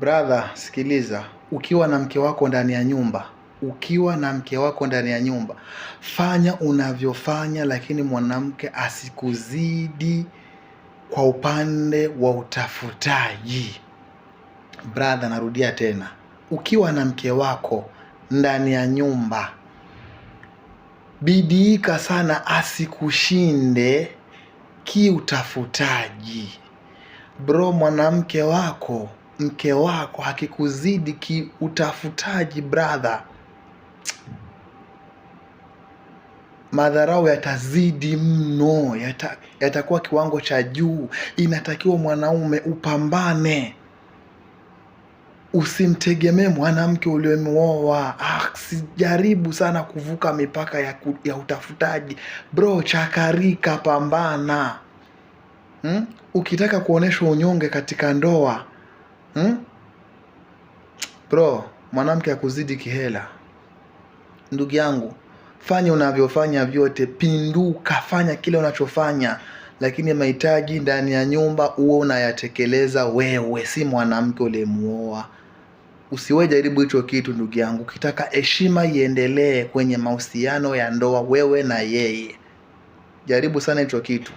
Brother, sikiliza, ukiwa na mke wako ndani ya nyumba ukiwa na mke wako ndani ya nyumba, fanya unavyofanya, lakini mwanamke asikuzidi kwa upande wa utafutaji. Brother, narudia tena, ukiwa na mke wako ndani ya nyumba, bidiika sana asikushinde kiutafutaji. Bro, mwanamke wako mke wako hakikuzidi kiutafutaji, brother, madharau yatazidi mno, yatakuwa yata kiwango cha juu. Inatakiwa mwanaume upambane, usimtegemee mwanamke uliomwoa Ah, sijaribu sana kuvuka mipaka ya, ya utafutaji bro, chakarika, pambana hmm? Ukitaka kuonyesha unyonge katika ndoa hmm? Bro, mwanamke akuzidi kihela, ndugu yangu, fanya unavyofanya vyote, pinduka, fanya kile unachofanya, lakini mahitaji ndani ya nyumba uwe unayatekeleza wewe, si mwanamke uliyemuoa. Usiwe jaribu hicho kitu ndugu yangu. Ukitaka heshima iendelee kwenye mahusiano ya ndoa, wewe na yeye, jaribu sana hicho kitu.